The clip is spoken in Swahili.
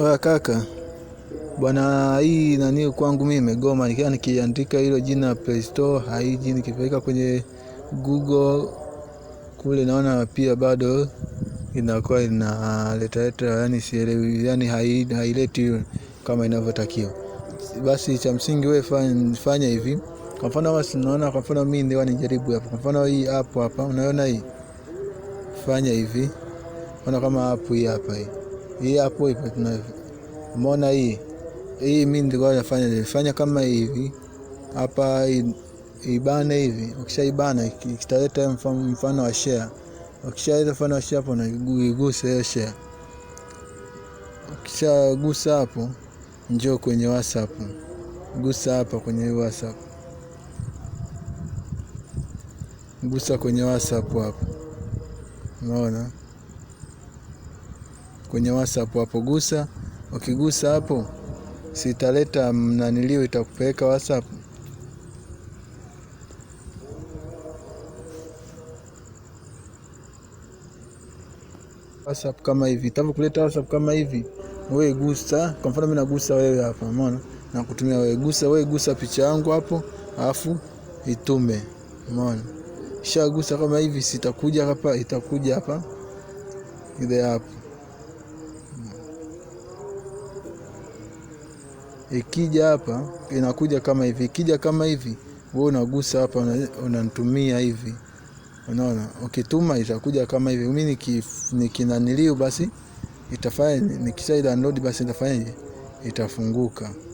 Oya kaka bwana, hii nani kwangu mimi imegoma, nikiwa nikiandika hilo jina Play Store haiji, nikipeleka kwenye Google kule naona pia bado inakuwa inaletaleta, yani sielewi, yani haileti kama inavyotakiwa. Basi cha msingi wewe fanya, fanya hivi kwa mfano, basi naona kwa mfano mimi ndio nijaribu hapa, kwa mfano hii hapo hapa, unaona hii, fanya hivi, ona kama hapo hii hapa hii hii hapo hivyo tunavyo umeona hii hii mimi nilikuwa nafanya nilifanya kama hivi hapa ibana hivi, ukishaibana ikitaleta mfano wa share, ukishaleta mfano wa share hapo unaigusa hiyo share, ukishagusa hapo njoo kwenye WhatsApp, gusa hapa kwenye WhatsApp, gusa kwenye WhatsApp hapo, unaona kwenye WhatsApp hapo, gusa. Ukigusa hapo sitaleta mnanilio, itakupeleka WhatsApp. WhatsApp kama hivi itakuleta WhatsApp kama hivi, wewe gusa. Kwa mfano mimi nagusa wewe hapa, umeona, nakutumia wewe, gusa wewe, gusa picha yangu hapo, alafu itume, umeona. Shagusa kama hivi, sitakuja hapa, itakuja hapa ile hapo ikija hapa inakuja kama hivi, ikija kama hivi, wewe unagusa hapa, unanitumia hivi, unaona. Ukituma itakuja kama hivi, mimi nikinaniliu, basi itafanya nikisha download, basi itafanya Itafunguka.